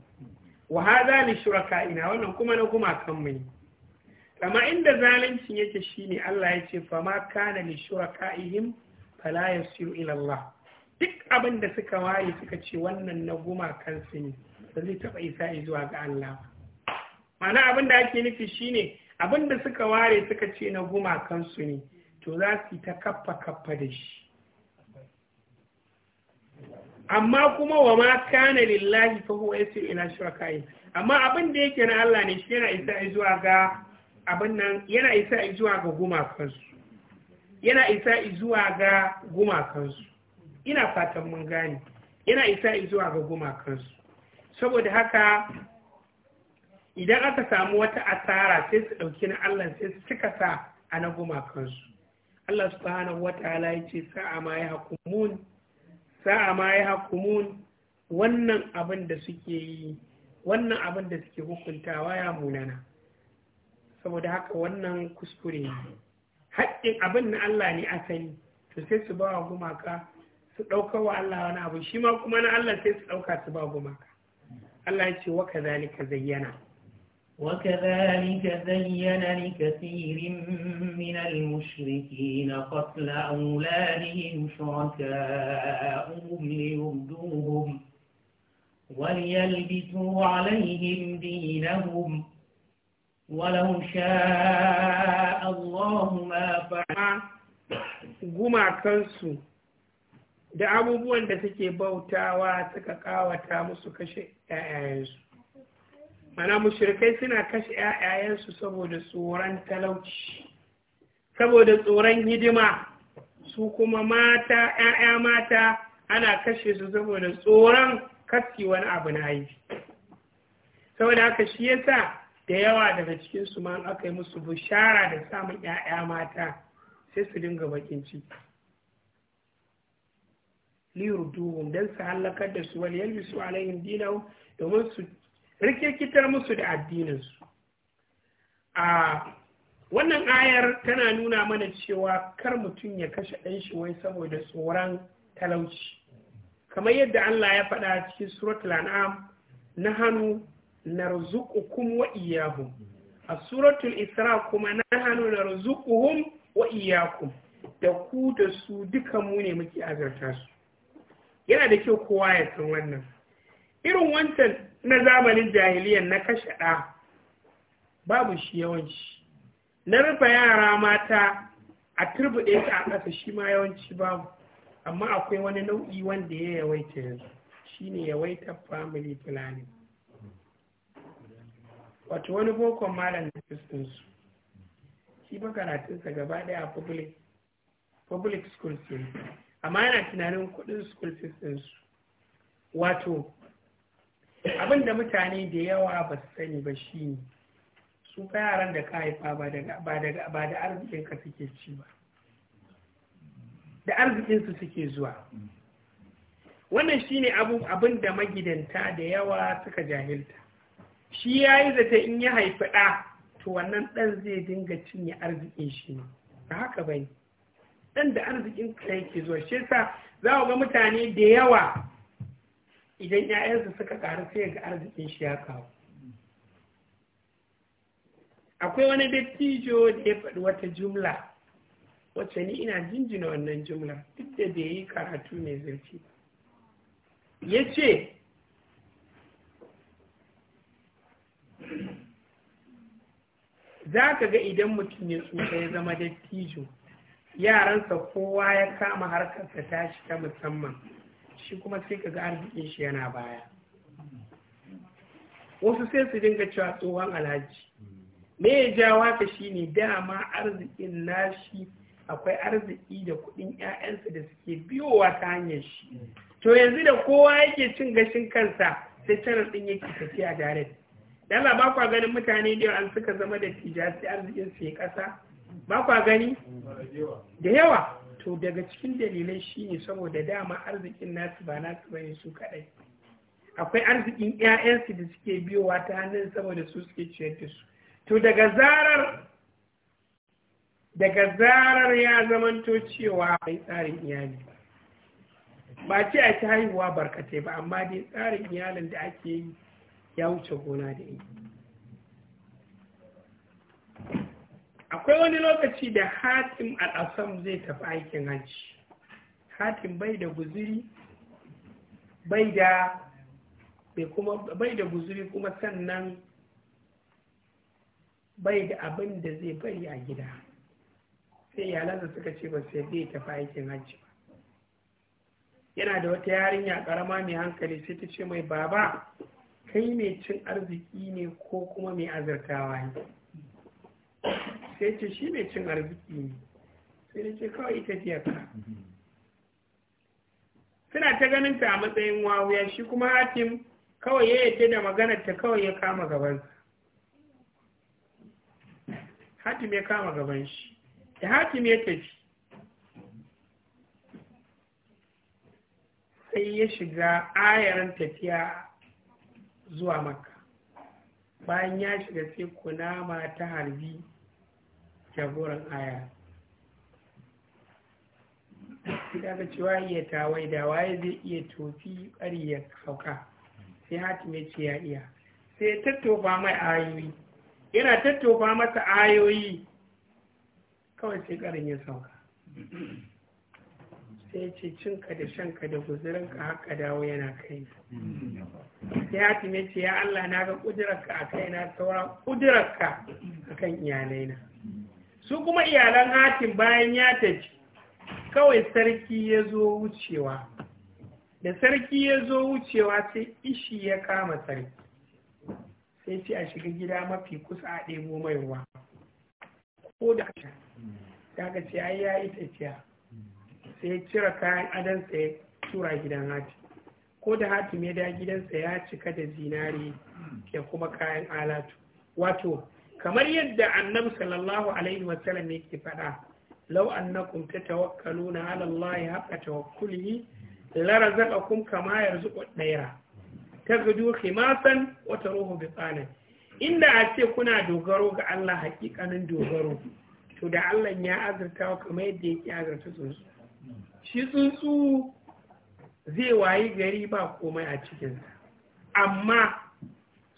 wa haza li ina wannan kuma na gumakan mu ne amma inda zalincin yake shine Allah ya ce fa ma kana li shurakaihim fala yasiru ila Allah duk abin da suka waye suka ce wannan na gumakan su ne ba zai taɓa isa zuwa ga Allah ma'ana abin da ake nufi shine abin da suka ware suka ce na gumakansu su ne to za su yi ta kaffa kaffa da shi amma kuma wa ma kana lillahi fa huwa yasiru ila shuraka'i amma abin da yake na Allah ne shi yana isa zuwa ga abin nan yana isa zuwa ga gumakansu yana isa zuwa ga ina fatan mun gane yana isa zuwa ga gumakansu saboda haka idan aka samu wata asara sai su ɗauki na Allah sai su cika sa a na gumakansu Allah subhanahu wataala yace ce sa'a ma ya hukumun sa'a ma ya hakumun wannan abin da suke yi wannan abin da suke hukuntawa ya munana saboda haka wannan kuskure ne haƙƙin abin na Allah ne asali to sai su ba wa gumaka su ɗauka wa Allah wani abu shi ma kuma na Allah sai su ɗauka su ba gumaka Allah ya ce wa kazalika zayyana وكذلك زين لكثير من المشركين قتل أولادهم شركاؤهم ليردوهم وليلبسوا عليهم دينهم ولو شاء الله ما فعل gumakansu da abubuwan da suke bautawa suka kawata musu kashe 'ya'yansu mana mushrikai suna kashe ‘ya'yayensu saboda tsoron talauci saboda tsoron hidima su kuma mata ‘ya'ya mata ana kashe su saboda tsoron kaski wani abu na yi saboda haka shi yasa da yawa daga cikinsu ma aka yi musu bishara da samun ‘ya'ya mata sai su dinga bakin ciki duhun don su hallakar da su wal yalbisu alayin dinau domin su rikirkitar musu da addininsu a wannan ayar tana nuna mana cewa kar mutum ya kashe ɗan shi wai saboda tsoron talauci kamar yadda Allah ya faɗa cikin suratul an'am na hannu na rizukukum wa iyahum a suratul isra kuma na hannu na rizukuhum wa da ku da su duka mu ne muke azarta su yana da kyau kowa ya san wannan irin wancan na zamanin jahiliyan na kashe ɗa babu shi yawanci na rufe yara mata a turbuɗe su a ƙasa shi ma yawanci babu amma akwai wani nau'i wanda ya yawaita yanzu Shi ne yawaitar family planning wato wani bokon malam da su shi ba gaba ɗaya a public public school amma yana tunanin kuɗin school system su. wato abin da mutane da yawa ba su sani ba shi ne su fa yaran da ka haifa ba da arzikinka suke ci ba da arzikinsu suke zuwa wannan shi ne abin da magidanta da yawa suka jahilta shi ya yi zata in ya haifi ɗa to wannan ɗan zai dinga cinye arzikin shi ne ba haka ba ne ɗan da arzikinka yake zuwa shi yasa za ga mutane da yawa idan 'ya'yansa suka ƙaru sai ga arzikin shi ya kawo akwai wani dattijo da ya faɗi wata jumla wacce ni ina jinjina wannan jumla duk da bai yi karatu mai zurfi ya ce za ka ga idan mutum ya tsufa ya zama dattijo yaransa kowa ya kama harkar harkarsa tashi ta musamman shi kuma sai ga arzikin shi yana baya wasu sai su dinga cewa tsohon alhaji me ya jawo shi shine dama arzikin nashi akwai arziki da kuɗin 'ya'yansa da suke biyowa ta hanyar shi to yanzu da kowa yake cin gashin kansa sai tarar ɗin yake tafiya dare dala ba kwa ganin mutane da an suka zama da tijasi arzikin su ya ƙasa ba kwa gani da yawa to daga cikin dalilai shine saboda dama arzikin nasu ba nasu bane su kadai akwai arzikin 'ya'yansu da suke biyowa ta hannun saboda su suke ciyar da su to daga zarar daga zarar ya zamanto cewa mai tsarin iyali ba ce a ta haihuwa barkatai ba amma dai tsarin iyalin da ake yi ya wuce gona da yi. akwai wani lokaci da hatim al'asam zai tafi aikin hajji hatim bai da guziri bai da bai da guziri kuma sannan bai da abin da zai bari a gida sai iyalansa suka ce ba sai zai tafi aikin hajji ba yana da wata yarinya karama mai hankali sai ta ce mai baba kai mai cin arziki ne ko kuma mai azurtawa ne sai ce shi mai cin arziki ne sai da ce kawai ita tafiya ka suna ta ganin ta a matsayin wawuya shi kuma hatim kawai ya yadda da maganar ta kawai ya kama gaban hatim ya kama gaban shi da hatim ya tafi sai ya shiga ayaran tafiya zuwa makka bayan ya shiga sai kunama ta harbi jagoran aya ga cewa iya tawai da waye zai iya tofi ƙari ya sauka sai hatime ce ya iya sai tattofa mai ayoyi yana tattofa masa ayoyi kawai sai ƙarin ya sauka sai ce cinka da shanka da guzurinka haka dawo yana kai sai hatime ce ya allah na ga ƙudurarka a kai na saura ƙudurarka a kan iyalaina su kuma iyalan hatin bayan ya tafi kawai sarki ya zo wucewa da sarki ya zo wucewa sai ishi ya kama sarki sai ce a shiga gida mafi kusa a ɗebo mai ruwa ko da haka daga ce ai ya yi tafiya sai cire kayan adansa ya tura gidan hati ko da hatim ya da gidansa ya cika da zinari ya kuma kayan alatu wato kamar yadda annabi sallallahu alaihi wasallam yake faɗa law annakum tatawakkaluna ala allahi haqqa tawakkulihi la razaqakum kama yarzuqu dayra tagdu khimasan wa taruhu bitana inda a ce kuna dogaro ga Allah hakikanin dogaro to da Allah ya azurta kamar yadda yake azurta tsuntsu shi tsuntsu zai wayi gari ba komai a cikinsa amma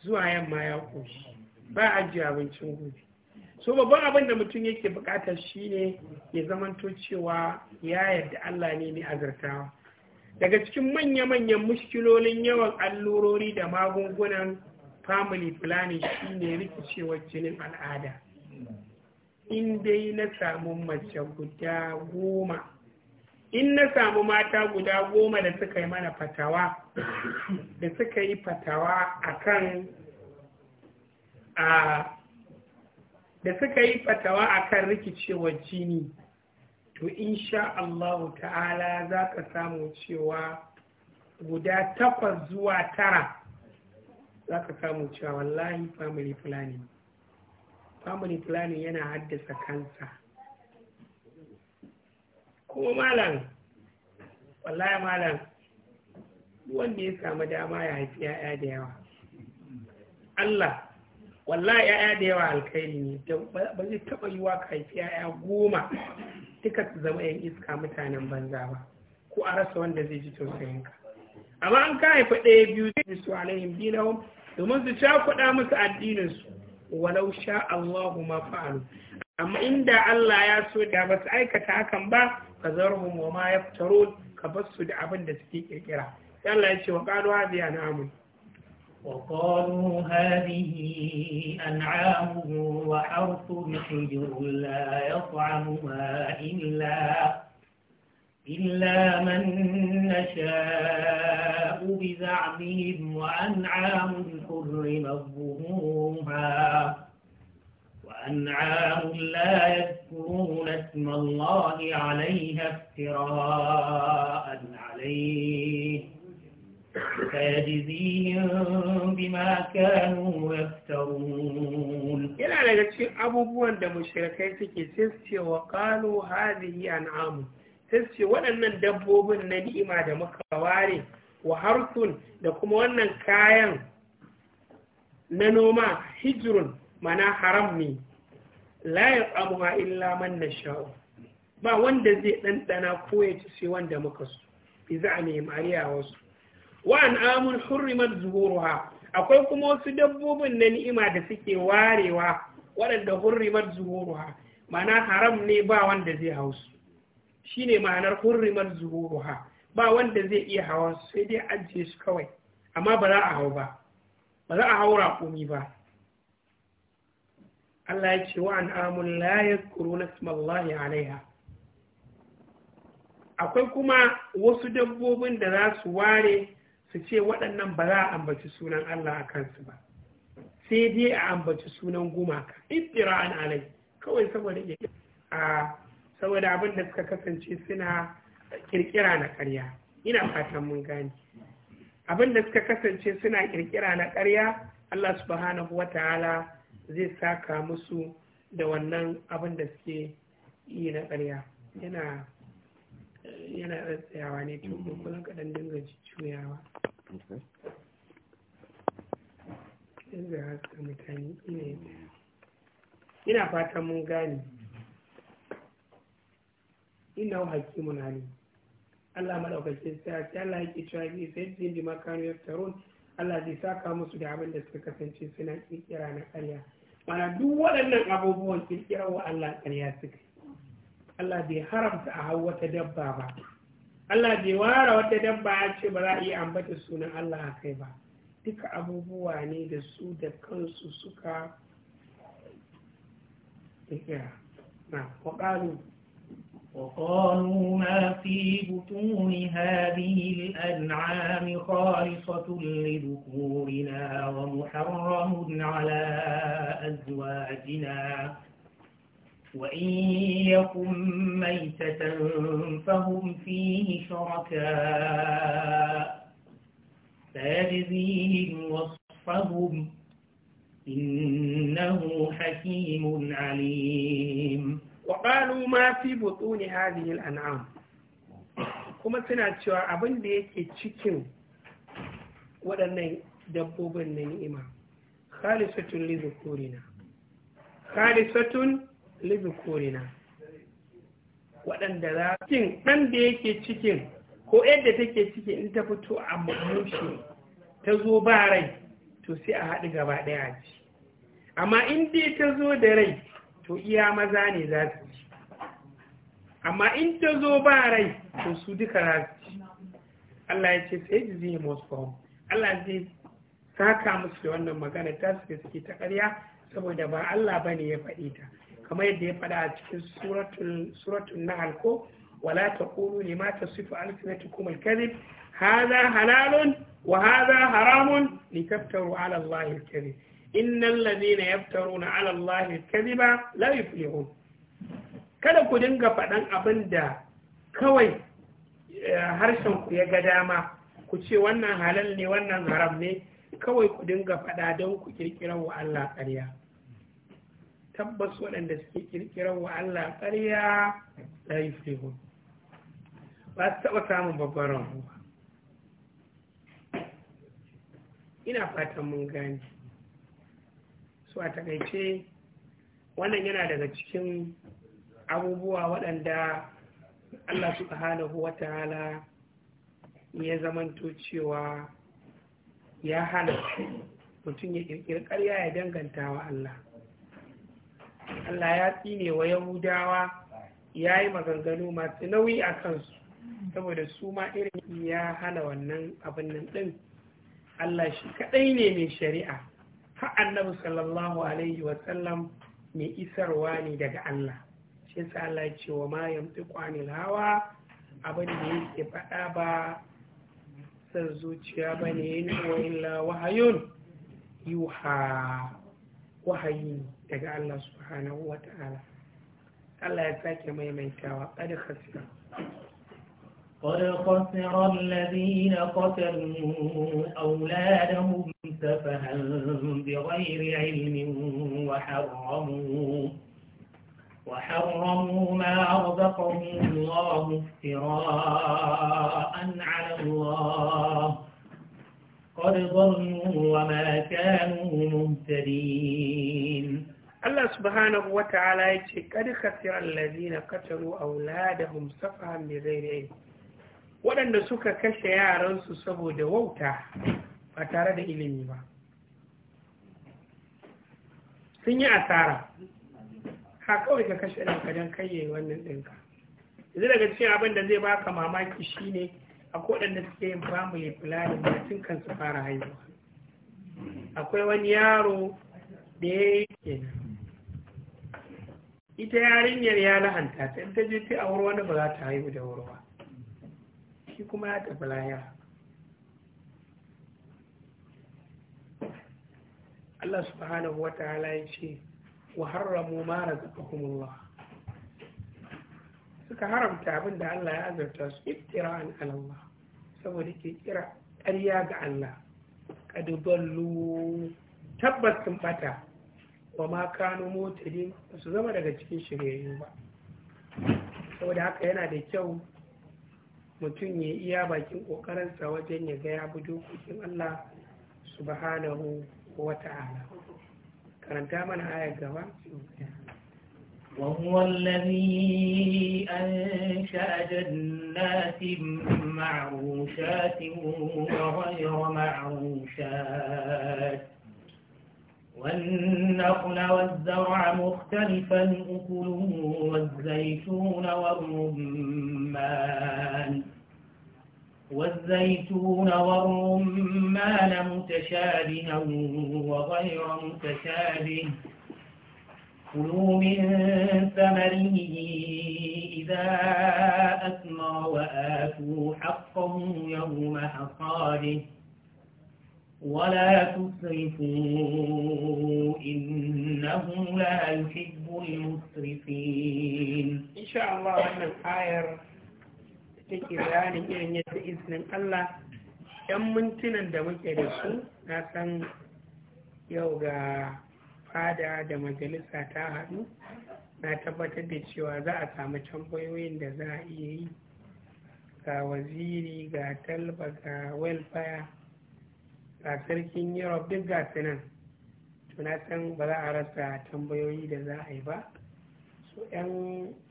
zuwa yamma ya koshi ba ajiye abincin gobe so babban abin da mutum yake bukatar ne ya zamanto cewa ya yarda Allah ne ne azartawa daga cikin manya-manyan mushkilolin yawan allurori da magungunan family planning shine rikicewar jinin al'ada in dai na samu mace guda goma in na samu mata guda goma da suka yi mana fatawa da suka yi fatawa akan da suka yi fatawa akan rikicewar jini to insha Allahu ta'ala za ka samu cewa guda takwas zuwa tara za ka samu cewa wallahi family planning family planning yana haddasa kansa kuma malam wallahi malam wanda ya samu dama ya haifi 'ya'ya da yawa Allah wallahi ya'ya da yawa alkhairi ne ba zai taɓa yiwa ka haifi ya'ya goma duka su zama yan iska mutanen banza ba ko a rasa wanda zai ji tausayin ka amma an ka haifa ɗaya biyu zai su alaihim dinahum domin su cakuɗa musu addinin su walau sha Allahu ma fa'alu amma inda Allah ya so da ba su aikata hakan ba ka zarhum wa ma yaftarun ka bar su da abin da suke kirkira Allah ya ce wa qalu hadhihi an'amun وقالوا هذه أنعام وحرث حجر لا يطعمها إلا إلا من نشاء بزعمهم وأنعام حرمت ظهورها وأنعام لا يذكرون اسم الله عليها افتراء عليه yana daga cikin abubuwan da mashirkai suke sai wa qalu hadhihi an'am sai waɗannan dabbobin na ni'ima da muka ware wa harsun da kuma wannan kayan na noma hijirun mana haram ne la illa man sha'o ba wanda zai ɗanɗana ko ya ci wanda muka so bi a nemi a wasu Wa'an amun hurrimat zuhuruha akwai kuma wasu dabbobin na ni'ima da suke warewa waɗanda hurrimat zuhuruha ma'ana haram ne ba wanda zai hau su shine ma'anar hurrimat zuhuruha ba wanda zai iya hawa su sai dai ajiye su kawai amma ba za a hau ba ba za a hau raƙumi ba Allah ya ce wa amun la kuruna ismallahi alaiha akwai kuma wasu dabbobin da za su ware su ce waɗannan ba za a ambaci sunan Allah a kansu ba sai dai a ambaci sunan gumaka iftira an alai kawai saboda a saboda abin da suka kasance suna kirkira na ƙarya ina fatan mun gane abin da suka kasance suna kirkira na ƙarya Allah subhanahu wa ta'ala zai saka musu da wannan abin da suke yi na ƙarya yana yana tsayawa ne tun kuma mm. kadan dinga juyawa yanzu haska mutane ina ina fatan mun gane ina hakimun halim Allah madaukakin sa sai Allah ya cewa bi sai jin bi ya yaftarun Allah zai saka musu da abin da suka kasance suna kirkira na ƙarya mana duk waɗannan abubuwan kirkirar wa Allah ƙarya suka Allah bai haramta a hau wata dabba ba Allah bai ware wata dabba ya ce ba za a iya ambata sunan Allah a kai ba duka abubuwa ne da su da kansu suka ƙirƙira na waƙalu وقالوا ما في بطون هذه الأنعام خالصة لذكورنا ومحرم على أزواجنا وإن يكن ميتة فهم فيه شركاء سيجزيهم وصفهم إنه حكيم عليم وقالوا ما في بطون هذه الأنعام kuma suna cewa abin da yake cikin waɗannan dabbobin na ni'ima khalisatun li zukurina khalisatun libin korina waɗanda za cin ɗan da yake cikin ko yadda take ciki in ta fito a mamushe ta zo ba rai to sai a haɗu gaba ɗaya ci amma in dai ta zo da rai to iya maza ne za su ci amma in ta zo ba rai to su duka za su ci Allah ya ce sai ji zai masu Allah zai saka musu da wannan magana ta suke suke ta karya saboda ba Allah ba ne ya faɗi ta kamar yadda ya faɗa a cikin wala ta nahl ne ma taqulu lima tasifu alsinatukum alkadhib hadha halalun wa hadha haramun litaftaru ala allahi alkadhib innal ladhina yaftaruna ala allahi alkadhiba la yuflihun kada ku dinga faɗan abin da kawai eh, harshen ku ya ga dama ku ce wannan halal ne wannan haram ne kawai ku dinga faɗa don ku kirkirar wa Allah ƙarya tabbas waɗanda suke ƙirƙirar wa Allah ƙarya la yuflihun ba su taɓa samun babban rahu ba ina fatan mun gane su a taƙaice wannan yana daga cikin abubuwa waɗanda Allah subhanahu wa ta'ala ya zamanto cewa ya hana mutum ya ƙirƙiri ƙarya ya danganta wa Allah Allah ya tsine wa yahudawa ya yi maganganu masu nauyi a kansu saboda su ma irin ya hana wannan abin nan ɗin Allah shi kaɗai ne mai shari'a ha annabi sallallahu alaihi wasallam mai isarwa ne daga Allah shi sa Allah ya ce wa ma yamtiqu anil hawa abin da yake faɗa ba san zuciya bane wa illa wahayun yuha wahayi daga Allah subhanahu wa ta'ala Allah ya sake maimaitawa kada kasira قد خسر الذين قتلوا أولادهم سفها بغير علم وحرموا وحرموا ما رزقهم الله افتراء على الله قد ظلموا وما كانوا مهتدين Allah subhanahu wa ta'ala ya ce kad khasira allazina qatalu auladahum safahan bi ghairi ilm waɗanda suka kashe yaransu saboda wauta ba tare da ilimi ba sun yi asara ha kawai ka kashe ɗan don kayye wannan ɗinka yanzu daga cikin abin da zai baka mamaki shine akwai waɗanda suke yin family planning da tun kansu fara haihuwa akwai wani yaro da ya yi kenan ita yarinyar ya lahanta ta ta je ta aure wani ba za ta haihu da wuri ba shi kuma ya tafi laya Allah subhanahu wa ta'ala ya ce wa harramu ma razaqakumullah suka haramta abin da Allah ya azurta su iftira'an Allah saboda ke kira ƙarya ga Allah kadu ballu tabbas sun bata wa ma kanu ba su zama daga cikin shiryayyu ba saboda haka yana da kyau mutum ya iya bakin kokarinsa wajen ya ga ya bi dokokin Allah subhanahu wa ta'ala karanta mana aya gaba وهو الذي أنشأ جنات معروشات وغير معروشات والنخل والزرع مختلفا أكله والزيتون والرمان والزيتون والرمان متشابها وغير متشابه كلوا من ثمره إذا أثمر وآتوا حقه يوم حصاده ولا تسرفوا إنه لا يحب المسرفين إن شاء الله أن الآية take bayanin irin yadda izinin Allah ‘yan mintunan da muke da su na san yau ga fada da majalisa ta haɗu na tabbatar da cewa za a samu tambayoyin da za a iya yi ga waziri ga talba ga welfare ba sarkin europe duk ga sinan tuna can ba za a rasa tambayoyi da za a yi ba so 'yan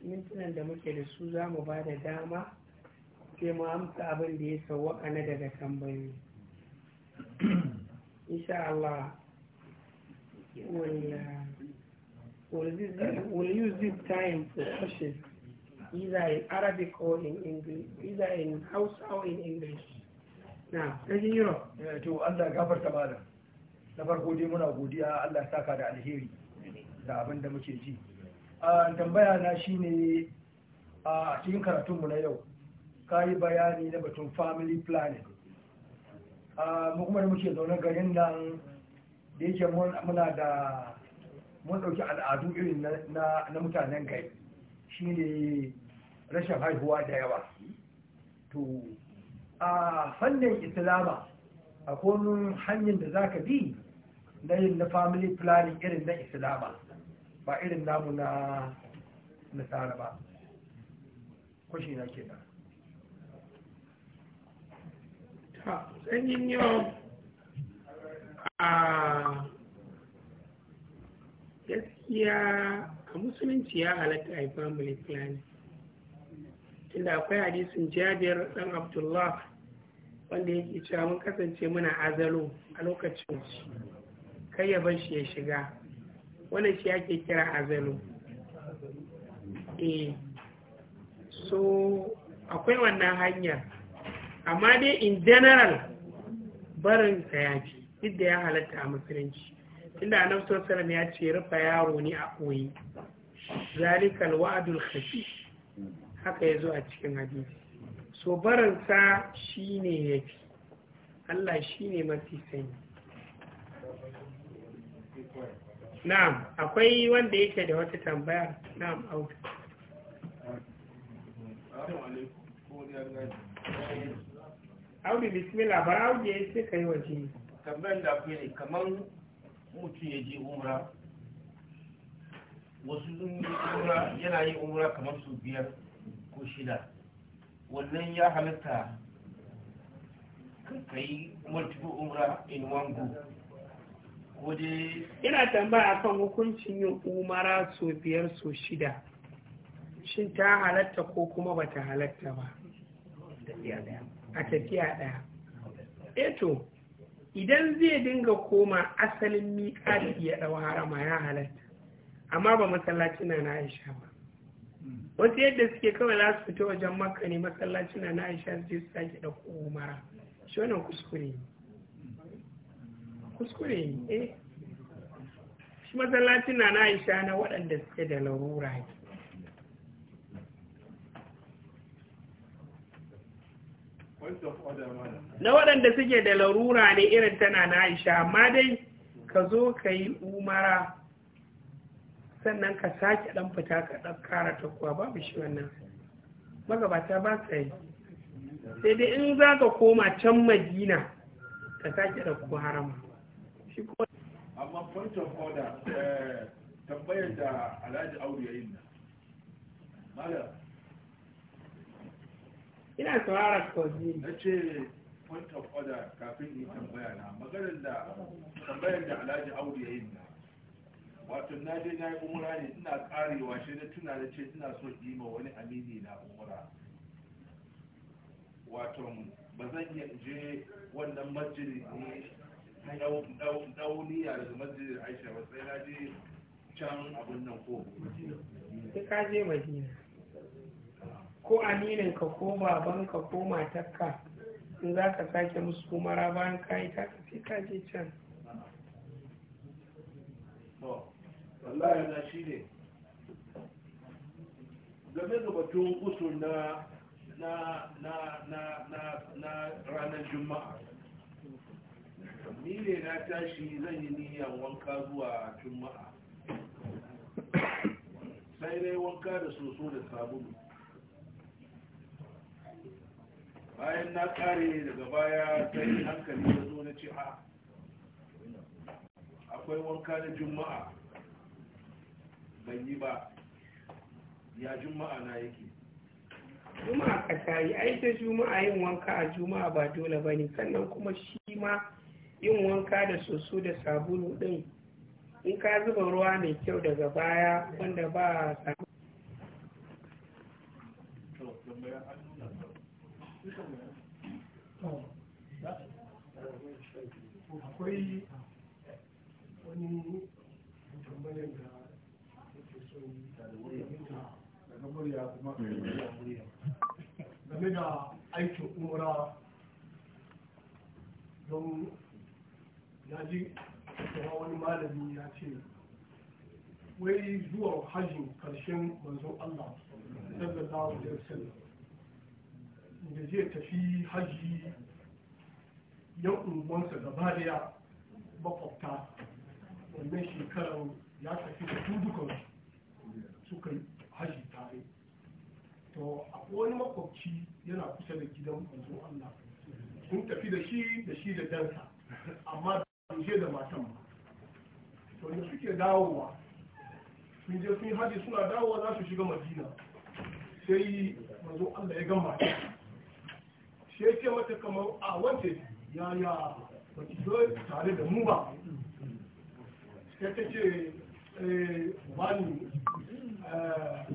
mintunan da muke da su za mu ba da dama sai mu amsa abin da ya sauwaka na daga tambayoyi [clears throat] insha Allah will use this time for questions either in Arabic or in English, either in Hausa or in English. na sarkin europe eh, to allah gafarta malam na farko dai muna godiya allah saka da alheri da abin da muke ji a tambaya na shine a cikin karatunmu na yau ka yi bayani na batun family planning mu kuma da muke zaune garin nan da yake muna da mun ɗauki al'adu irin na mutanen gari ne rashin haihuwa da yawa to a fannin islama a konin hanyar da za ka bi na yin na family planning irin na islama ba irin namu na nasara ba kwashi na ke da sanyin yau a gaskiya a musulunci ya halatta a family planning inda akwai hadisin jabir dan Abdullahi. wanda yake cewa mun kasance muna azalo a lokacin shi kai ya bar shi ya shiga wannan shi ake kira azalo eh so akwai wannan hanyar amma dai in general barin ya fi duk da ya halatta a musulunci inda annabi sallallahu ya ce rufa yaro ne a koyi zalikal wa'adul khafi haka ya zo a cikin hadisi so baransa shi ne ya fi Allah shi ne mafi sanyi. na'am akwai wanda yake da wata tambaya na'am auka audi bismillah Ba audi ya ce ka yi waje kamar da akwai ne kamar mutum ya je umra wasu yi umra yana yi umra kamar su biyar ko shida wannan ya halatta ka yi multiple umra in wango ina tambaya akan hukuncin yin umara so biyar so shida shin ta halatta ko kuma ba ta halatta ba a tafiya ɗaya eto eh idan zai dinga koma asalin miƙa iya ɗau harama ya halatta amma ba masallaci na na aisha ba wasu yadda suke kawai za su fito wajen maka ne masallaci na na aisha su sake ɗauko umara shi wannan kuskure ne kuskure ne eh shi masallacin na na aisha na waɗanda suke da larura ne na waɗanda suke da larura ne irin tana na aisha amma dai ka zo ka yi umara sannan ka sake ɗan fita ka dan kara takuwa babu shi wannan magabata ba sa yi sai dai in za ka koma can madina ka sake ɗauko harama shi ko amma point of order eh, tambayar da alhaji audu ya nan malam ina saurara kawai na ce point of order kafin in tambaya na maganar da tambayar da alhaji audu ya yi nan wato na je na yi umura ne ina karewa shi na tuna da ce ina so yi ma wani amini na umura wato ba zan iya je wannan masjidi ne na dauniya daga masjidin aisha ba sai na je can abin nan ko sai ka je madina ko amininka ko babanka ko matakka, in za ka sake musu umara bayan ka yi ta ka je can wallahi na shi ne game da batun usu na ranar juma'a ni ne na tashi zan yi niyan wanka zuwa juma'a sai dai wanka da soso da sabulu bayan na kare daga baya sai hankali ya zo na ci a ah, akwai wanka na juma'a ban yi ba ya juma'a na yake juma'a ka ai ta juma'a yin wanka a juma'a ba dole ba ne sannan kuma shi ma yin wanka da soso da sabulu din in ka zuba ruwa mai kyau daga baya wanda ba a akwai wani murya kuma game da aikin umra don ya ji wani malami ya ce wai zuwa hajji karshen manzon Allah sallallahu alaihi wasallam da zai tafi hajji yan unguwansa gaba daya makwabta wannan shekarar ya tafi da su dukan suka hajji to a wani makwabci yana kusa da gidan manzon Allah sun tafi da shi da shi da dansa amma je da matan ba to da suke dawowa sun je sun haji suna dawowa za su shiga madina sai manzon Allah ya gama ta shi ya ce mata kamar a wance ya ya ba ki zo tare da mu ba sai ta ce eh, ba ni eh,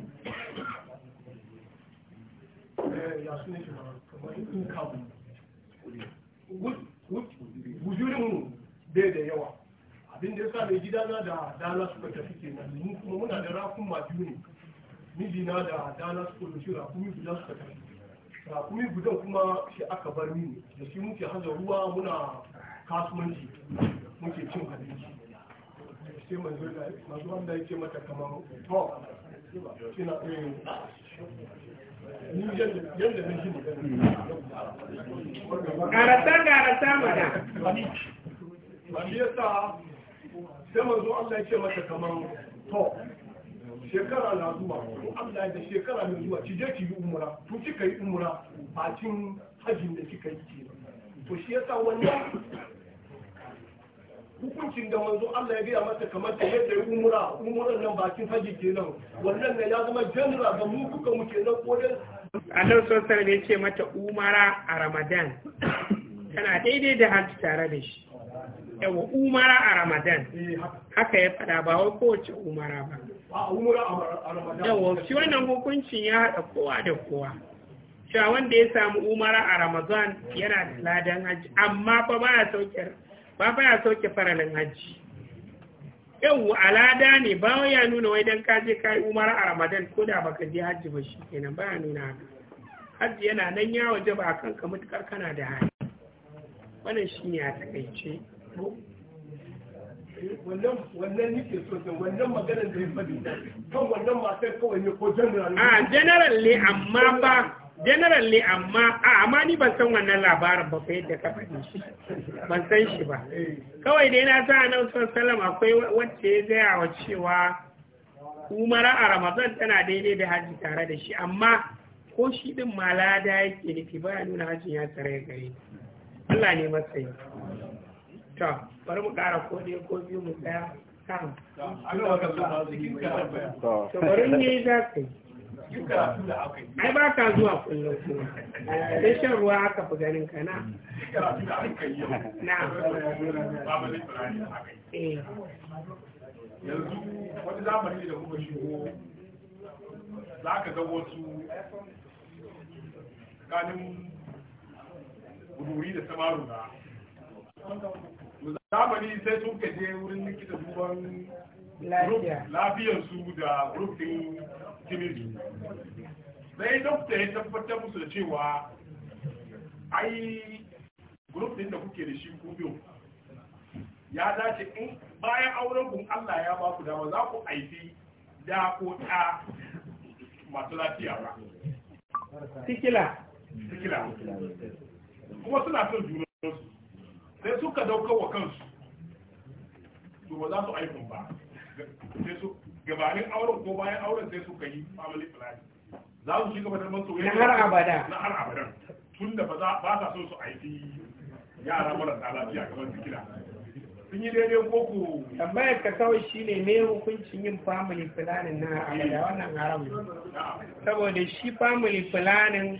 wujurin mu bai da yawa abin da ya sa mai na da dana suka tafi kenan mu kuma muna da rakun ma biyu ne na da dana suka doshi rakumi guda suka tafi rakumi gudan kuma shi aka bar mini da shi muke haza ruwa muna kasuwanci muke cin abinci sai manzo Allah ya ce mata kamar to kina eh Karanta karanta mana. Wani yasa sai manzo Allah ya ce mata kamar to shekara na zuwa to Allah da shekara na zuwa ki je ki yi umra to kika yi umra bacin hajin da kika yi to shi yasa wannan hukuncin da manzo Allah ya biya masa kamar ta yadda ya umura umuran nan bakin ke kenan wannan ne ya zama general da mu kuka mu kenan ko dai Allah sosai ne ce mata umara a Ramadan tana daidai da hajji tare da shi yawa umara a Ramadan eh, haka ya fada ba wai kowace umara ba yawa shi wannan hukuncin ya haɗa kowa da kowa cewa wanda ya samu umara a Ramadan yana da ladan hajji amma ba ba ya sauke ba baya sauke faralin hajji yau alada ne ba ya nuna wai dan kaje kai umara a ramadan ko da baka je hajji ba shi kenan ba ya nuna haka hajji yana nan ya waje ba kan ka mutukar kana da hali wannan ne a takaice wannan wannan nake so da wannan maganar da ya faɗi kan wannan matar kawai ne ko general ne. a general ne amma ba generally amma a amma ni ban san wannan labarin ba kai da ka faɗi shi ban san shi ba kawai dai na sa nan sallam akwai wacce ya gaya wa cewa umara a ramadan tana daidai da haji tare da shi amma ko shi din malada yake nufi ba nuna hajin ya tsare gare Allah ne matsayi to bari mu ƙara ko ɗaya ko biyu mu tsaya to bari ne za ka yi ai ba ka zuwa kullum sai shan ruwa aka fi ganin ka na eh. yanzu wani zamani da kuma shigo za ka ga wasu ganin guduri da samaru na zamani sai sun kaje wurin likita duban lafiyar su da rufin kimizu sai dokta ya tabbatar musu da cewa ai grup din da kuke da shi ku biyu ya dace in bayan auren kun Allah ya ba ku dama za ku aiki da ko ta masu lafiya ba sikila kuma suna son juna sai suka daukar wa kansu to ba za su aikun ba gabanin auren ko bayan auren sai suka yi family planning za su shiga batar masu wani har abada na har abada tun da ba sa so su aiki yara marasa lafiya kamar su kira sun yi daidai koko tambayar ka kawai shine me hukuncin yin family planning na abada wannan haram saboda shi family planning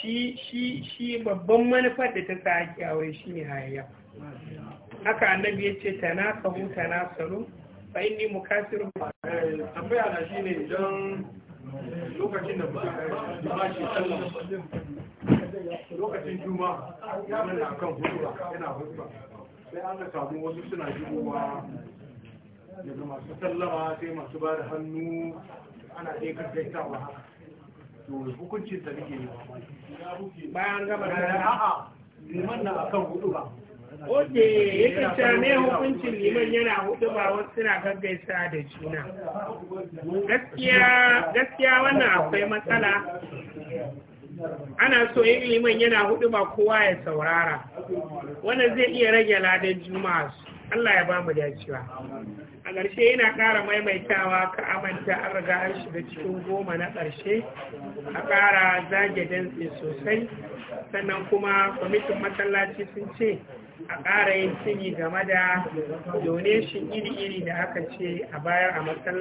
shi shi shi babban manufar da ta sa ake aure shi ne hayayyafa haka annabi ya ce tana kahu tana salu fa inni mukasir eh, tambaya na shine idan lokacin da ba shi sallah lokacin juma'a yana kan hutuwa yana hutuwa sai an samu wasu suna jibowa daga masu sallama sai masu ba da hannu ana dai ba. to hukuncin ta nake yi bayan gama da a'a neman na akan hutuwa Oke, yake same hukuncin liman yana hudu ba wasu suna gaggaisa da juna. Gaskiya wannan akwai matsala. Ana so yin liman yana hudu ba kowa ya saurara. Wannan zai iya rage ladan juma'a Allah ya ba mu dacewa. A ƙarshe yana ƙara maimaitawa ka amanta an riga an shiga cikin goma na ƙarshe, a ƙara zage dantse sosai, sannan kuma kwamitin masallaci sun ce, a ƙara yin game da donation iri-iri da aka ce a bayar a matsala